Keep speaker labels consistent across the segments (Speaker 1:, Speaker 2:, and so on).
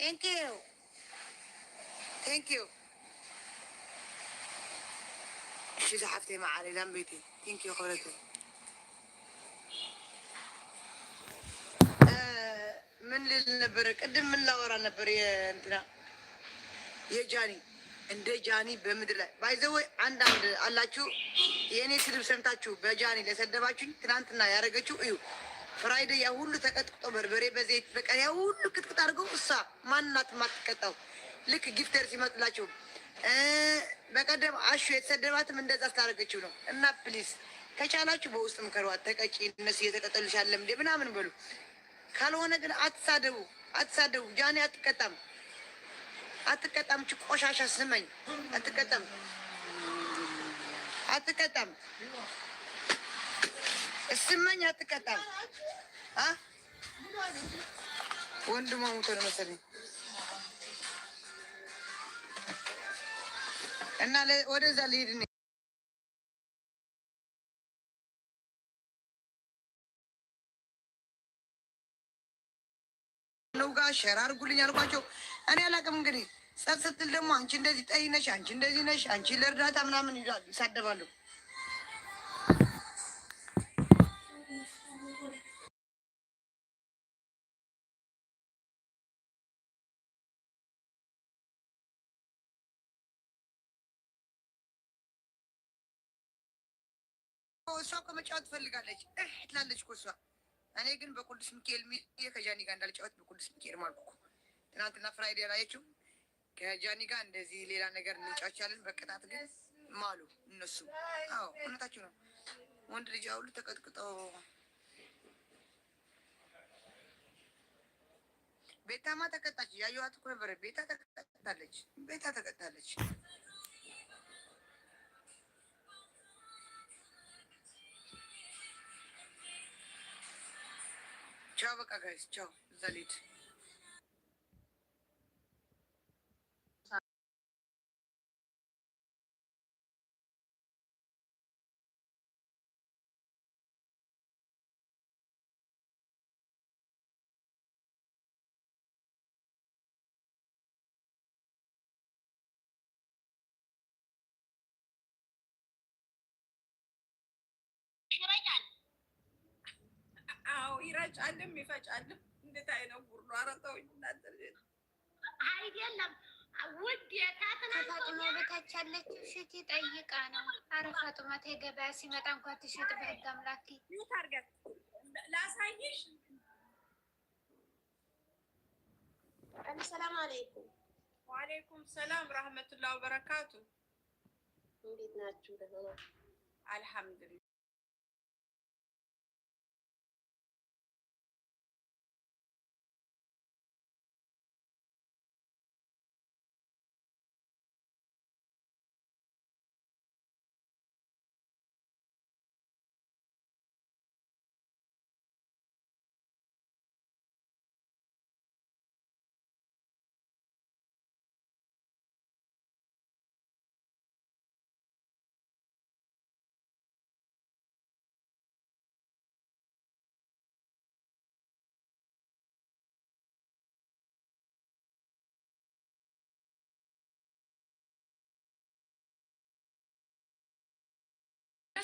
Speaker 1: ቴንክ ዩ ቴንክ ዩ እሺ ዛሓፍቴ መዓሪ ዳንቤቴ ቴንክ ዩ ክብረቱ ምን ልል ነበር? ቅድም ምን ላወራ ነበር? እንትና የጃኒ እንደ ጃኒ በምድር ላይ ባይዘወይ አንዳንድ አላችሁ የእኔ ስድብ ሰምታችሁ በጃኒ ለሰደባችሁኝ ትናንትና ያደረገችው እዩ ፍራይደ ያ ሁሉ ተቀጥቅጦ በርበሬ በዘይት በቃ ያ ሁሉ ቅጥቅጥ አድርገው እሷ ማናት ማትቀጣው። ልክ ጊፍተር ሲመጡላችሁ በቀደም አሹ የተሰደባትም እንደዛ ስታደረገችው ነው። እና ፕሊዝ ከቻላችሁ በውስጥ ምከሯት፣ ተቀጪ እነሱ እየተቀጠሉሽ አለ እንዴ ምናምን በሉ። ካልሆነ ግን አትሳደቡ፣ አትሳደቡ። ጃኔ አትቀጣም፣ አትቀጣም። ች ቆሻሻ ስመኝ አትቀጣም፣ አትቀጣም እስመኝ አትቀጣም። ወንድሟ ሞቶ ነው መሰለኝ እና ወደዛ ልሄድ ነው። ሸር አድርጉልኝ አልኳቸው። እኔ አላውቅም እንግዲህ ጸጥ ስትል ደግሞ አንቺ እንደዚህ ጠይነሽ፣ አንቺ እንደዚህ ነሽ፣ አንቺ ለእርዳታ ምናምን ይላሉ፣ ይሳደባሉ። እሷ ከመጫወት ትፈልጋለች ትላለች እኮ እሷ። እኔ ግን በቅዱስ ሚካኤል ሚዬ ከጃኒ ጋር እንዳልጫወት በቅዱስ ሚካኤል ማልኩ እኮ ትናንትና ፍራይዴ ላየችው ከጃኒ ጋር እንደዚህ ሌላ ነገር እንጫወቻለን። በቅጣት ግን ማሉ እነሱ። አዎ እውነታችሁ ነው። ወንድ ልጅ ሁሉ ተቀጥቅጠው ቤታማ ተቀጣች። ያየኋት እኮ ነበረ። ቤታ ተቀጣለች። ቤታ ተቀጣለች። ቻው። በቃ ጋይስ ቻው። እዛ አዎ ይረጫልም ይፈጫልም። እንዴት አይነት ጉርዶ አረተው እናንተ አይደለም ውድ
Speaker 2: ከፋጡማ በታች ያለች ሽቲ ጠይቃ ነው። አረ ፋጡማ ተይ፣ ገበያ ሲመጣ እንኳን ትሸጥ። በህግ አምላክ
Speaker 1: ላሳይሽ። አሰላሙ አለይኩም። ወአለይኩም ሰላም ረህመቱላህ በረካቱ እንዴት ናችሁ? ደህና አልሐምዱሊላህ።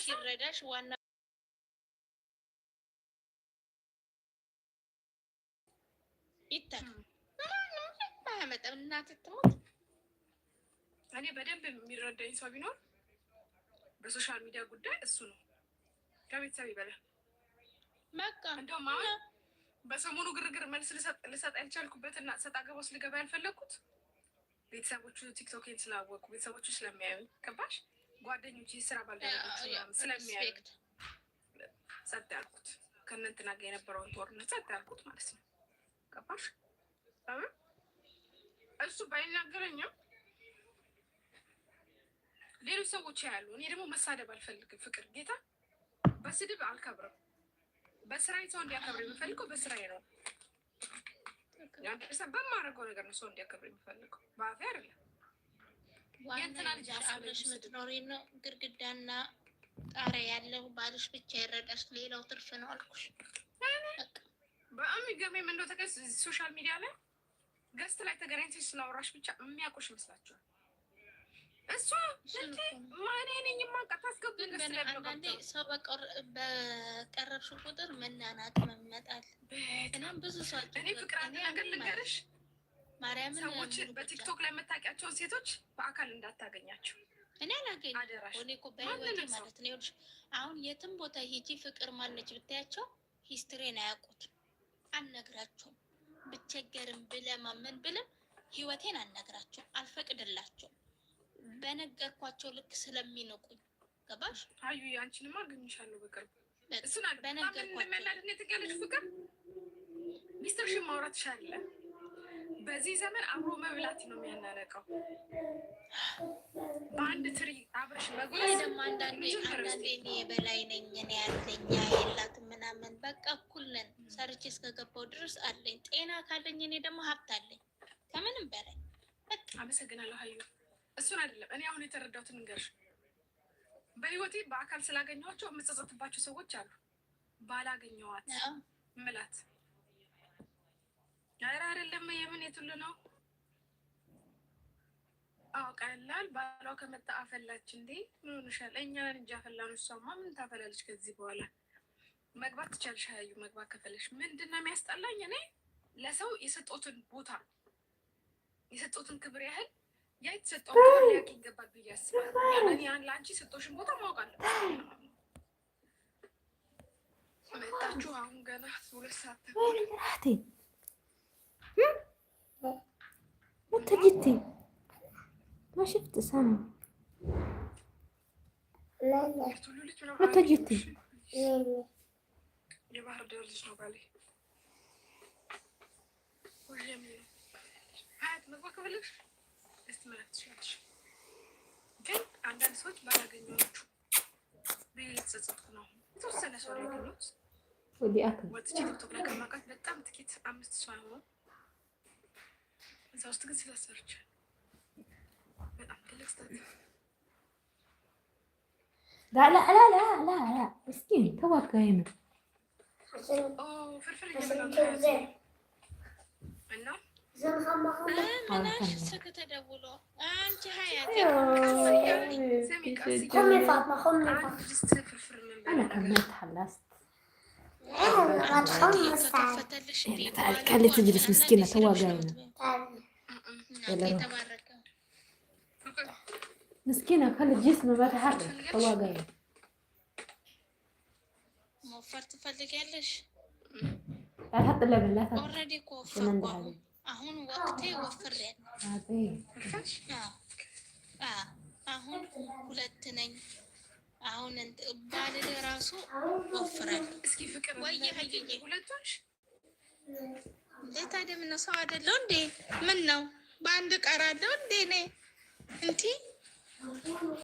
Speaker 2: ሲረዳሽ ዋና ይታል አያመጣም። ትሞት።
Speaker 1: እኔ በደንብ የሚረዳኝ ሰው ቢኖር በሶሻል ሚዲያ ጉዳይ እሱ ነው፣ ከቤተሰብ ይበላል። በቃ እንደውም አሁን በሰሞኑ ግርግር መልስ ልሰጥ ያልቻልኩበትና ሰጥ አገባው ስልገባ ያልፈለግኩት ቤተሰቦቹ ቲክቶኬን ስላወቁ ቤተሰቦቹ ስለሚያዩ ገባሽ ጓደኞች የስራ
Speaker 2: ባልደረቦች ስለሚያዩ
Speaker 1: ጸጥ ያልኩት ከእነንትና ጋር የነበረውን ጦርነት ጸጥ ያልኩት ማለት ነው። ገባሽ? እሱ ባይናገረኝም ሌሎች ሰዎች ያሉ እኔ ደግሞ መሳደብ አልፈልግም። ፍቅር ጌታ በስድብ አልከብርም። በስራዬ ሰው እንዲያከብር የምፈልገው በስራዬ ነው። በማደርገው ነገር ነው ሰው እንዲያከብር የምፈልገው በአፌ አይደለም።
Speaker 2: የእንትና ልጅ አብረሽ ምትኖሪ ነው። ጣሪያ ያለው ባልሽ ብቻ ይረዳሽ፣ ሌላው ትርፍ ነው አልኩሽ።
Speaker 1: በጣም ተገ ሶሻል ሚዲያ ላይ ገስት ላይ ተገናኝተሽ ስላወራሽ ብቻ የሚያውቁሽ ይመስላችኋል። እሷ ማን ነኝ ማቃት አስገብቶ
Speaker 2: ስለአንዳንዴ ሰው በቀረብሽ ቁጥር መናናቅ መመጣል በጣም ብዙ ሰው
Speaker 1: እኔ ፍቅር አንድ ሰዎች በቲክቶክ ላይ የምታውቂያቸውን ሴቶች በአካል እንዳታገኛቸው
Speaker 2: እኔ አላገኝ እኔ እኮ በህይወቴ ማለት ነው። ይኸውልሽ አሁን የትም ቦታ ሂጂ ፍቅር ማለች ብታያቸው ሂስትሪን አያውቁትም፣ አልነግራቸውም። ብቸገርም ብለማመን ብልም ህይወቴን አልነግራቸውም፣ አልፈቅድላቸውም። በነገርኳቸው ልክ ስለሚንቁኝ ገባሽ?
Speaker 1: አዩ አንቺንማ አገኝሻለሁ በቅርቡ እሱን በነገርኳቸው ሚስትርሽን ማውራት ሻለ በዚህ ዘመን አብሮ መብላት ነው የሚያናነቀው። በአንድ ትሪ አብረሽ መጉላስ
Speaker 2: ደግሞ አንዳንዴ አንዳንዴ ነኝ እኔ ያለኛ የላት ምናምን በቃ እኩል ነን። ሰርቼ እስከገባው ድረስ አለኝ ጤና ካለኝ እኔ ደግሞ ሀብት አለኝ ከምንም በላይ
Speaker 1: አመሰግናለሁ። ሀዩ እሱን አይደለም እኔ አሁን የተረዳሁትን እንገርሽ። በህይወቴ በአካል ስላገኘኋቸው የምጸጸትባቸው ሰዎች አሉ ባላገኘዋት ምላት ኧረ አይደለም። የምን የቱል ነው? አዎ ቀላል ባሏ ከመጣ አፈላች እንዴ? ምን ሆንሻል? እኛ እንጃ አፈላን። እሷማ ምን ታፈላለች? ከዚህ በኋላ መግባት ትቻልሽ። ሀዩ መግባት ከፈለሽ ምንድን ነው የሚያስጠላኝ? እኔ ለሰው የሰጦትን ቦታ የሰጦትን ክብር ያህል ያ የተሰጠው ክብር ይገባል ብዬ አስባለሁ። እኔ ለአንቺ የሰጦሽን ቦታ ማወቅ መጣችሁ አሁን ገና ሁለት
Speaker 2: ሰዓት انت جيتي ما شفت سامي لا لا انت جيتي
Speaker 1: የባህር ዳር ልጅ ነው ባሌ። ሁሌም ሀያት መግባ ከፈለግሽ ግን አንዳንድ ሰዎች ባላገኘኋችሁ ብዬ የተጸጸትኩ ነው። የተወሰነ ሰው ወጥቼ ቲክቶክ ላይ ከማውቃት በጣም ጥቂት አምስት ሰው እዛ ውስጥ ግን ስለሰርች በጣም ትልቅ ስህተት
Speaker 2: ላላላላላ እስኪ ተዋጋ ይምር
Speaker 1: ፍርፍር እና
Speaker 2: أنا كملت خلصت قالت تجلس مسكينة توا قايمة مسكينة خلي الجسم بتحرك هو جاي መወፈር ትፈልጊያለሽ? ያልሀጥለ ብላት ኦልሬዲ አሁን ወቅቴ ወፍሬያለሁ። አሁን ሁለት ነኝ። አሁን ባልል ራሱ ወፍራለሁ። እስኪ
Speaker 1: ፍቅር ወይ ሀየዬ ሁለቶች
Speaker 2: እንዴት አይደል? ሰው አይደለሁ እንዴ? ምን ነው በአንድ ቀራለሁ እንዴ እኔ እንዲህ